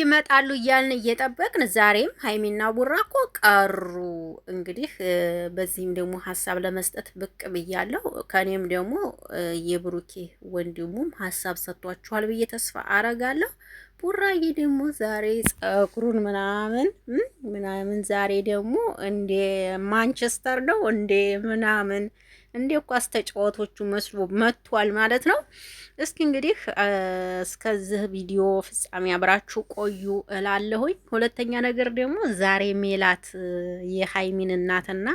ይመጣሉ እያልን እየጠበቅን ዛሬም ሀይሚና ቡራ እኮ ቀሩ። እንግዲህ በዚህም ደግሞ ሀሳብ ለመስጠት ብቅ ብያለሁ። ከኔም ደግሞ የብሩኬ ወንድሙም ሀሳብ ሰጥቷችኋል ብዬ ተስፋ አረጋለሁ። ቡራዬ ደግሞ ዛሬ ጸጉሩን ምናምን ምናምን ዛሬ ደግሞ እንደ ማንቸስተር ነው እንደ ምናምን እንዴ ኳስ ተጫዋቾቹ መስሎ መጥቷል ማለት ነው። እስኪ እንግዲህ እስከዚህ ቪዲዮ ፍጻሜ አብራችሁ ቆዩ እላለሁኝ። ሁለተኛ ነገር ደግሞ ዛሬ ሜላት የሀይሚን እናትና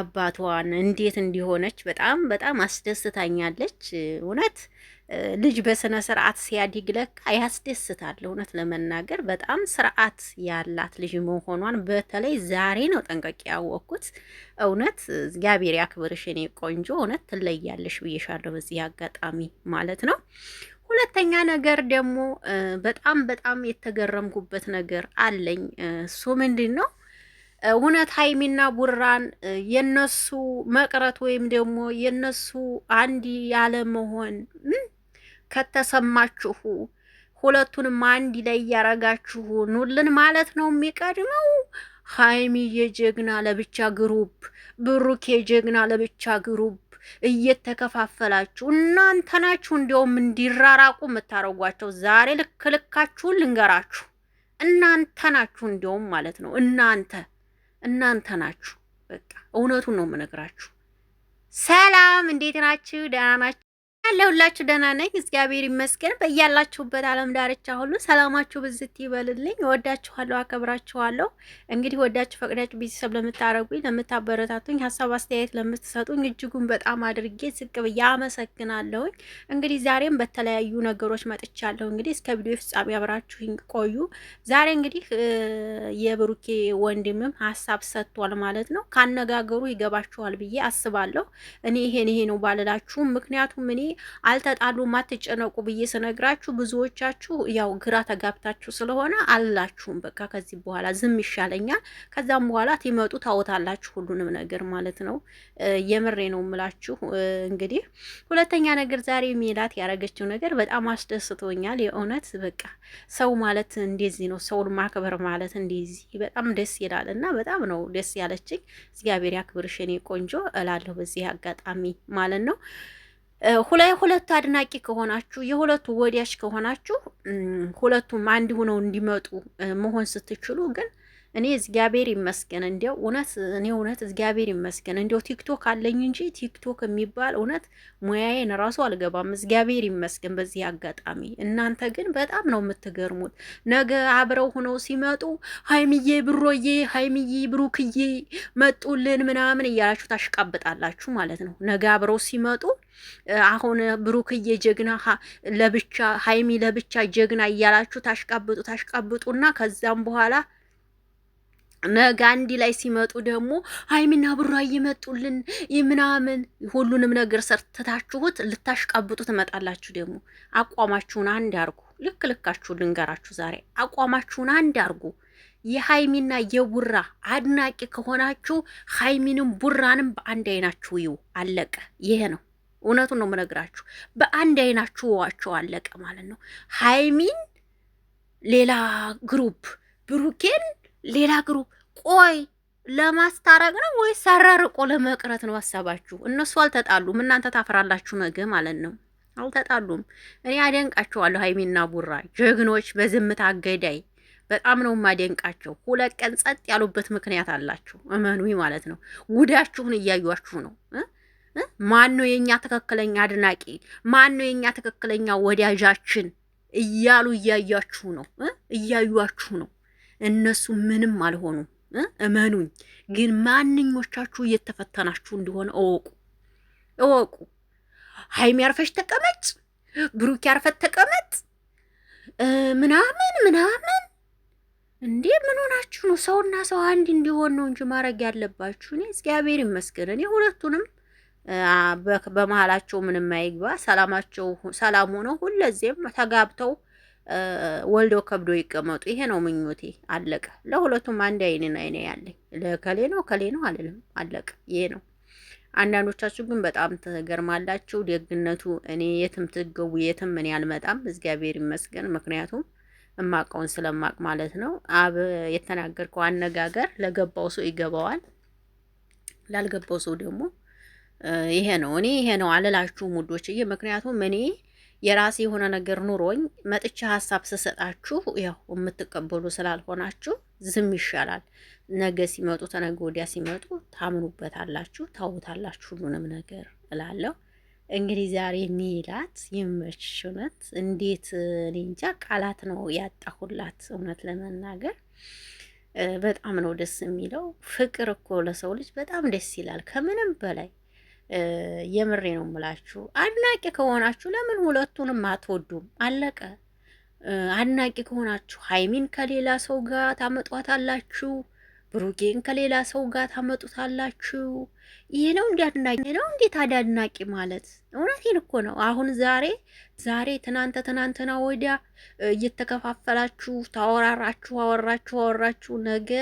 አባቷን እንዴት እንዲሆነች በጣም በጣም አስደስታኛለች። እውነት ልጅ በስነ ስርዓት ሲያድግ ለካ ያስደስታል። እውነት ለመናገር በጣም ስርዓት ያላት ልጅ መሆኗን በተለይ ዛሬ ነው ጠንቀቅ ያወቅኩት። እውነት እግዚአብሔር ያክብርሽ የኔ ቆንጆ እውነት ትለያለሽ ብዬሻለሁ በዚህ አጋጣሚ ማለት ነው። ሁለተኛ ነገር ደግሞ በጣም በጣም የተገረምኩበት ነገር አለኝ። እሱ ምንድን ነው? እውነት ሀይሚና ቡራን የነሱ መቅረት ወይም ደግሞ የነሱ አንድ ያለመሆን ከተሰማችሁ ሁለቱንም አንድ ላይ እያረጋችሁ ኑልን ማለት ነው የሚቀድመው ሀይሚዬ ጀግና ለብቻ ግሩፕ፣ ብሩኬ ጀግና ለብቻ ግሩፕ እየተከፋፈላችሁ እናንተ ናችሁ እንዲያውም እንዲራራቁ የምታደርጓቸው። ዛሬ ልክ ልካችሁን ልንገራችሁ። እናንተ ናችሁ እንዲያውም ማለት ነው። እናንተ እናንተ ናችሁ። በቃ እውነቱን ነው የምነግራችሁ። ሰላም፣ እንዴት ናችሁ? ደህና ናችሁ? ያለሁላችሁ ደህና ነኝ፣ እግዚአብሔር ይመስገን። በያላችሁበት ዓለም ዳርቻ ሁሉ ሰላማችሁ ብዝት ይበልልኝ። ወዳችኋለሁ፣ አከብራችኋለሁ። እንግዲህ ወዳችሁ ፈቅዳችሁ ቤተሰብ ለምታረጉኝ፣ ለምታበረታቱኝ፣ ሀሳብ አስተያየት ለምትሰጡኝ እጅጉን በጣም አድርጌ ዝቅ ብዬ አመሰግናለሁኝ። እንግዲህ ዛሬም በተለያዩ ነገሮች መጥቻለሁ። እንግዲህ እስከ ቪዲዮ ፍጻሜ አብራችሁኝ ቆዩ። ዛሬ እንግዲህ የብሩኬ ወንድምም ሀሳብ ሰጥቷል ማለት ነው። ካነጋገሩ ይገባችኋል ብዬ አስባለሁ። እኔ ይሄን ይሄ ነው ባልላችሁም፣ ምክንያቱም እኔ አልተጣሉም፣ አትጨነቁ ብዬ ስነግራችሁ ብዙዎቻችሁ ያው ግራ ተጋብታችሁ ስለሆነ አላችሁም። በቃ ከዚህ በኋላ ዝም ይሻለኛል። ከዛም በኋላ ትመጡ ታወታላችሁ ሁሉንም ነገር ማለት ነው። የምሬ ነው ምላችሁ። እንግዲህ ሁለተኛ ነገር ዛሬ ሜላት ያረገችው ነገር በጣም አስደስቶኛል። የእውነት በቃ ሰው ማለት እንደዚህ ነው። ሰውን ማክበር ማለት እንደዚህ በጣም ደስ ይላል እና በጣም ነው ደስ ያለችኝ። እግዚአብሔር ያክብርሽ የኔ ቆንጆ እላለሁ በዚህ አጋጣሚ ማለት ነው። ሁላይ ሁለቱ አድናቂ ከሆናችሁ የሁለቱ ወዲያሽ ከሆናችሁ ሁለቱም አንድ ሆነው እንዲመጡ መሆን ስትችሉ ግን እኔ እግዚአብሔር ይመስገን እንዲያው እውነት እኔ እውነት እግዚአብሔር ይመስገን እንዲያው ቲክቶክ አለኝ እንጂ ቲክቶክ የሚባል እውነት ሙያዬን ራሱ አልገባም። እግዚአብሔር ይመስገን በዚህ አጋጣሚ። እናንተ ግን በጣም ነው የምትገርሙት። ነገ አብረው ሆነው ሲመጡ ሀይሚዬ ብሮዬ፣ ሀይሚዬ ብሩክዬ መጡልን ምናምን እያላችሁ ታሽቃብጣላችሁ ማለት ነው። ነገ አብረው ሲመጡ አሁን ብሩክዬ ጀግና ለብቻ ሀይሚ ለብቻ ጀግና እያላችሁ ታሽቃብጡ ታሽቃብጡና ከዛም በኋላ ነገ አንድ ላይ ሲመጡ ደግሞ ሀይሚና ብራ እየመጡልን ምናምን ሁሉንም ነገር ሰርተታችሁት ልታሽቃብጡ ትመጣላችሁ። ደግሞ አቋማችሁን አንድ አርጉ። ልክ ልካችሁ ልንገራችሁ ዛሬ አቋማችሁን አንድ አርጉ። የሀይሚና የቡራ አድናቂ ከሆናችሁ ሀይሚንም ቡራንም በአንድ አይናችሁ ይው። አለቀ። ይሄ ነው። እውነቱን ነው የምነግራችሁ። በአንድ አይናችሁ ዋቸው አለቀ ማለት ነው። ሀይሚን ሌላ ግሩፕ፣ ብሩኬን ሌላ ግሩፕ። ቆይ ለማስታረቅ ነው ወይ አራርቆ ለመቅረት ነው አሰባችሁ እነሱ አልተጣሉም፣ እናንተ ታፍራላችሁ ነገ ማለት ነው። አልተጣሉም። እኔ አደንቃቸዋለሁ። ሀይሚና ቡራ ጀግኖች፣ በዝምታ አገዳይ በጣም ነው የማደንቃቸው። ሁለት ቀን ጸጥ ያሉበት ምክንያት አላቸው። እመኑ ማለት ነው። ውዳችሁን እያዩችሁ ነው። ማን ነው የእኛ ትክክለኛ አድናቂ? ማን ነው የእኛ ትክክለኛ ወዳጃችን? እያሉ እያያችሁ ነው፣ እያዩችሁ ነው። እነሱ ምንም አልሆኑም፣ እመኑኝ። ግን ማንኞቻችሁ እየተፈተናችሁ እንደሆነ እወቁ፣ እወቁ። ሀይሚ ያርፈሽ ተቀመጭ፣ ብሩክ ያርፈት ተቀመጥ፣ ምናምን ምናምን እንዴ ምን ሆናችሁ ነው? ሰውና ሰው አንድ እንዲሆን ነው እንጂ ማድረግ ያለባችሁ። እኔ እግዚአብሔር ይመስገን እኔ ሁለቱንም በመሀላቸው ምንም አይግባ፣ ሰላማቸው ሰላም ሆኖ ሁለዚህም ተጋብተው ወልደው ከብዶ ይቀመጡ። ይሄ ነው ምኞቴ። አለቀ። ለሁለቱም አንድ አይንን አይነ ያለኝ ለከሌ ነው ከሌ ነው አልልም። አለቀ። ይሄ ነው። አንዳንዶቻችሁ ግን በጣም ትገርማላችሁ። ደግነቱ እኔ የትም ትገቡ የትም ምን ያልመጣም እግዚአብሔር ይመስገን። ምክንያቱም እማቀውን ስለማቅ ማለት ነው። አብ የተናገርከው አነጋገር ለገባው ሰው ይገባዋል፣ ላልገባው ሰው ደግሞ ይሄ ነው እኔ ይሄ ነው አልላችሁ ሙዶችዬ ምክንያቱም እኔ የራሴ የሆነ ነገር ኑሮኝ መጥቼ ሀሳብ ስሰጣችሁ ያው የምትቀበሉ ስላልሆናችሁ ዝም ይሻላል። ነገ ሲመጡ ተነገ ወዲያ ሲመጡ ታምኑበታላችሁ፣ ታውታላችሁ ሁሉንም ነገር እላለሁ። እንግዲህ ዛሬ ሜላት ይመችሽ። እውነት እንዴት እንጃ ቃላት ነው ያጣሁላት። እውነት ለመናገር በጣም ነው ደስ የሚለው። ፍቅር እኮ ለሰው ልጅ በጣም ደስ ይላል ከምንም በላይ የምሬ ነው ምላችሁ። አድናቂ ከሆናችሁ ለምን ሁለቱንም አትወዱም? አለቀ። አድናቂ ከሆናችሁ ሀይሚን ከሌላ ሰው ጋር ታመጧታላችሁ፣ ብሩጌን ከሌላ ሰው ጋር ታመጡታላችሁ። ይሄ ነው እንዲ አድናቂ ነው እንዴ? ታዲያ አድናቂ ማለት እውነቴን እኮ ነው። አሁን ዛሬ ዛሬ ትናንተ ትናንትና ወዲያ እየተከፋፈላችሁ ታወራራችሁ፣ አወራችሁ አወራችሁ ነገ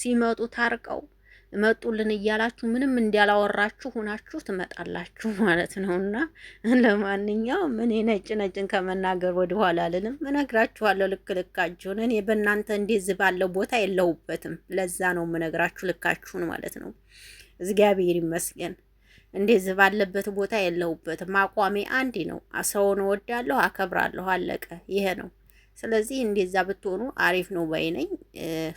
ሲመጡ ታርቀው መጡልን እያላችሁ ምንም እንዳላወራችሁ ሁናችሁ ትመጣላችሁ ማለት ነው። እና ለማንኛውም እኔ ነጭ ነጭን ከመናገር ወደኋላ አልልም፣ እነግራችኋለሁ ልክ ልካችሁን። እኔ በእናንተ እንደዚህ ባለው ቦታ የለሁበትም። ለዛ ነው የምነግራችሁ ልካችሁን ማለት ነው። እግዚአብሔር ይመስገን እንደዚህ ባለበት ቦታ የለሁበትም። አቋሜ አንድ ነው። ሰውን እወዳለሁ፣ አከብራለሁ። አለቀ። ይሄ ነው። ስለዚህ እንደዛ ብትሆኑ አሪፍ ነው ባይ ነኝ።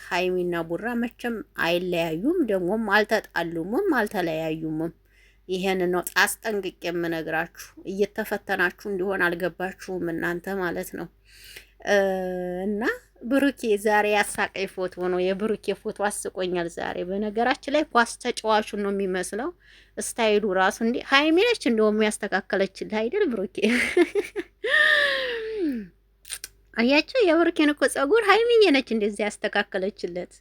ሀይሚና ቡራ መቼም አይለያዩም፣ ደግሞም አልተጣሉምም፣ አልተለያዩምም። ይሄን ነው አስጠንቅቄ የምነግራችሁ። እየተፈተናችሁ እንዲሆን አልገባችሁም እናንተ ማለት ነው። እና ብሩኬ ዛሬ ያሳቀኝ ፎቶ ነው። የብሩኬ ፎቶ አስቆኛል ዛሬ። በነገራችን ላይ ኳስ ተጫዋቹ ነው የሚመስለው ስታይሉ ራሱ። እንዲ ሀይሚ እንደውም ያስተካከለችልህ አይደል ብሩኬ? አያቸው የብሩኬን እኮ ጸጉር ሀይሚዬ ነች እንደዚህ ያስተካከለችለት።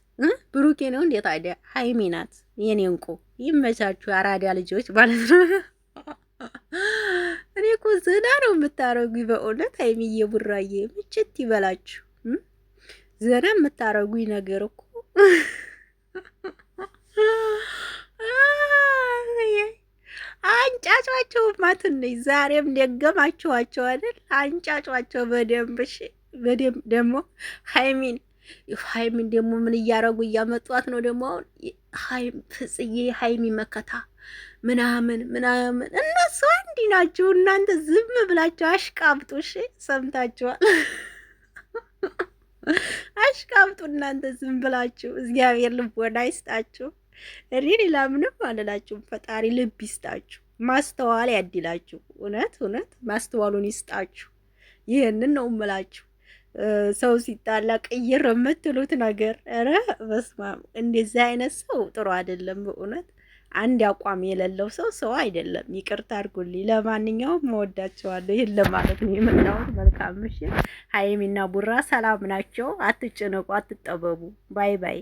ብሩኬ ነው እንዴ ታዲያ? ሀይሚ ናት የኔ እንቁ። ይመቻችሁ አራዳ ልጆች ማለት ነው። እኔ እኮ ዝና ነው የምታረጉኝ በእውነት ሀይሚዬ፣ ቡራዬ ምችት ይበላችሁ። ዘና የምታረጉኝ ነገር እኮ አንጫጫቸው ማትነኝ ዛሬም ደገማችኋቸው አይደል? አንጫጫቸው በደንብ እሺ። ደግሞ ሀይሚን ሀይሚን ደግሞ ምን እያረጉ እያመጧት ነው ደግሞ አሁን ፍጽዬ ሀይሚ መከታ ምናምን ምናምን እነሱ አንዲ ናቸው እናንተ ዝም ብላችሁ አሽቃብጡ። እሺ ሰምታችኋል። አሽቃብጡ እናንተ ዝም ብላችሁ። እግዚአብሔር ልቦና ይስጣችሁ። እኔ ሌላ ምንም አልላችሁም። ፈጣሪ ልብ ይስጣችሁ፣ ማስተዋል ያድላችሁ። እውነት እውነት ማስተዋሉን ይስጣችሁ። ይህንን ነው እምላችሁ። ሰው ሲጣላ ቅይር የምትሉት ነገር ረ በስማ እንደዚህ አይነት ሰው ጥሩ አይደለም። በእውነት አንድ አቋም የሌለው ሰው ሰው አይደለም። ይቅርታ አድርጉልኝ። ለማንኛውም መወዳቸዋለሁ። ይህን ለማለት ነው የመጣሁት። መልካም ምሽት። ሀይሚና ቡራ ሰላም ናቸው። አትጨነቁ፣ አትጠበቡ። ባይ ባይ።